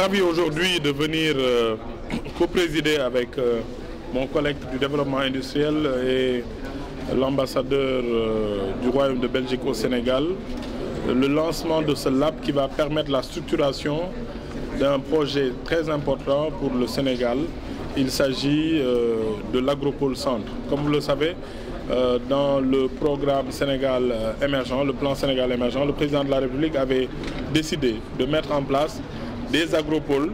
ravi aujourd'hui de venir euh, co-présider avec euh, mon collègue du développement industriel et l'ambassadeur euh, du Royaume de Belgique au Sénégal le lancement de ce lab qui va permettre la structuration d'un projet très important pour le Sénégal. Il s'agit de l'Agropole Centre. Comme vous le savez, dans le programme Sénégal émergent, le plan Sénégal émergent, le président de la République avait décidé de mettre en place des agropoles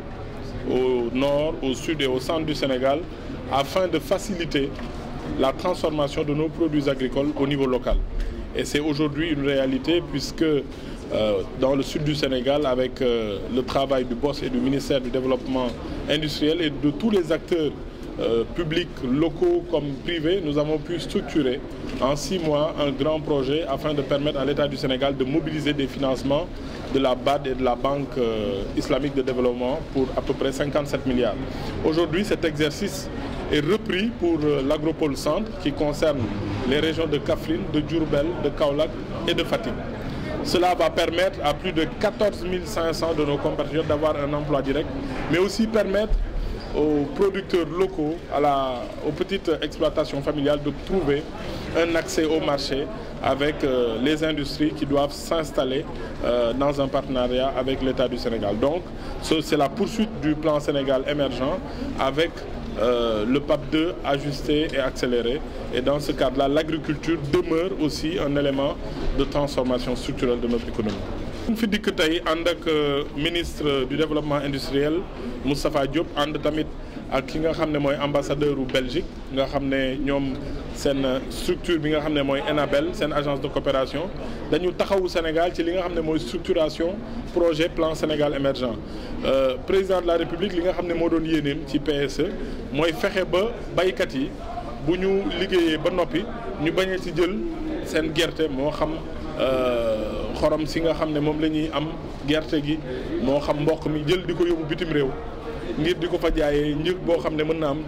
au nord, au sud et au centre du Sénégal afin de faciliter la transformation de nos produits agricoles au niveau local. Et c'est aujourd'hui une réalité puisque euh, dans le sud du Sénégal, avec euh, le travail du BOSS et du ministère du Développement industriel et de tous les acteurs euh, publics locaux comme privés, nous avons pu structurer en six mois un grand projet afin de permettre à l'État du Sénégal de mobiliser des financements de la BAD et de la Banque euh, islamique de développement pour à peu près 57 milliards. Aujourd'hui, cet exercice est repris pour euh, l'Agropole Centre qui concerne les régions de Kafrine, de Djurbel, de Kaolak et de Fatim. Cela va permettre à plus de 14 500 de nos compatriotes d'avoir un emploi direct, mais aussi permettre aux producteurs locaux, à la, aux petites exploitations familiales de trouver un accès au marché avec euh, les industries qui doivent s'installer euh, dans un partenariat avec l'État du Sénégal. Donc, c'est la poursuite du plan Sénégal émergent avec euh, le PAP 2 ajusté et accéléré. Et dans ce cadre-là, l'agriculture demeure aussi un élément de transformation structurelle de notre économie fi dikk tey ànd ak euh, ministre du développement industriel Moustapha Diop ànd tamit ak ki nga xam ne mooy ambassadeur u Belgique nga xam ne ñoom seen structure bi nga xam ne mooy ENABEL seen agence de coopération dañu taxawu Sénégal ci li nga xam ne mooy structuration projet plan Sénégal émergent euh, président de la République li nga xam ne moo doon yéeneem ci PSE mooy fexe ba baykat yi bu ñu liggéeyee ba noppi ñu bañ ci jël seen gerte moo xam. Euh, xorom si nga xam ne moom la ñuy am gerte gi moo xam mboq mi jël di ko yóbbu bitim réew ngir di ko fa jaayee njëg boo xam ne mën na am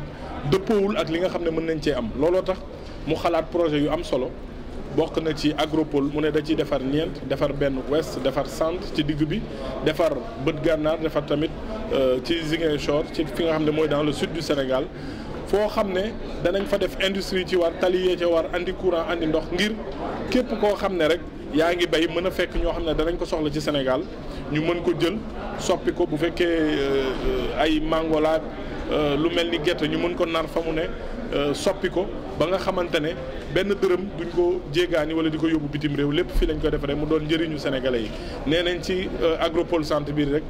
dëppoowul ak li nga xam ne mën nañ cee am looloo tax mu xalaat projet yu am solo bokk na ci agropole mu ne da ciy defar ñeent defar benn west defar sant ci digg bi defar bët gànnaar defar tamit euh, ci Ziguinchor ci fi nga xam ne mooy dans le sud du Sénégal foo xam ne danañ fa def industrie ci war tali yee ca war indi courant andi ndox ngir képp koo xam ne rek yaa ngi bay mën a fekk ñoo xam ne danañ ko soxla ci senegal ñu mën ko jël soppi ko bu fekkee euh, ay mango la euh, lu mel ni gerte ñu mën ko nar fa mu ne euh, soppi ko ba nga xamante ne benn dërëm duñ ko jéegaani wala di ko yóbbu bitim réew lépp fii lañ ko defaree mu doon njëriñu sénégalais yi nee nañ ci agropol santé biir rek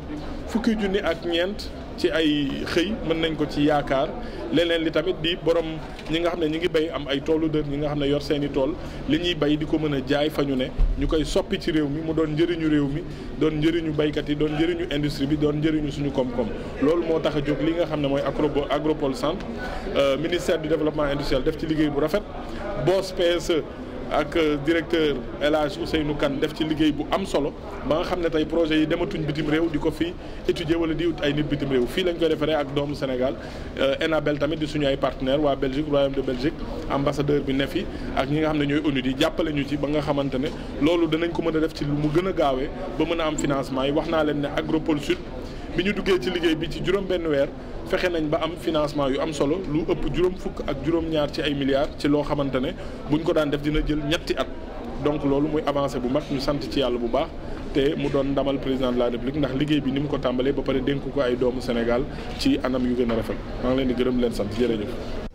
fukki junni ak ñeent. ci ay xëy mën nañ ko ci yaakaar leneen li tamit di borom ñi nga xam ne ñi ngi bay am ay toolu dër ñi nga xam ne yor seeni tool li ñuy bay di ko mën a jaay fa ñu ne ñu koy soppi ci réew mi mu doon njëriñu réew mi doon njëriñu baykat yi doon njëriñu industrie bi doon njëriñu suñu koom-koom loolu moo tax a jóg li nga xam ne mooy agropole centre euh, ministère du développement industriel def ci liggéey bu rafet BOS PSE ak euh, directeur El Hadj Ousseynou Kane def ci liguey bu am solo ba nga xamné tay projet yi dematuñ bitim réew diko fi étudier wala di wut ay nit bitim réew fi lañ koy defaree ak doomu Sénégal euh, Enabel tamit di suñu ay partenaire wa Belgique royaume de Belgique ambassadeur bi ne fi ak ñi nga xamné ñoy ñooy ONU di jàppale ñu ci ba nga xamante lolu dañ danañ ko mëna def ci lu mu gën a ba mëna am financement yi wax leen né Agropole Sud bi ñu duggee ci liggéey bi ci juróom benn weer fexe nañ ba am financement yu am solo lu ëpp juróom fukk ak juróom-ñaar ci ay milliards ci loo xamante ne buñ ko daan def dina jël ñetti at donc loolu muy avancé bu mag ñu sant ci yàlla bu baax te mu doon ndamal président de la république ndax liggéey bi ni mu ko tàmbalee ba pare dénk ko ay doomu Sénégal ci anam yu gën a rafet maa ngi leen di gërëm leen sant jërëjëf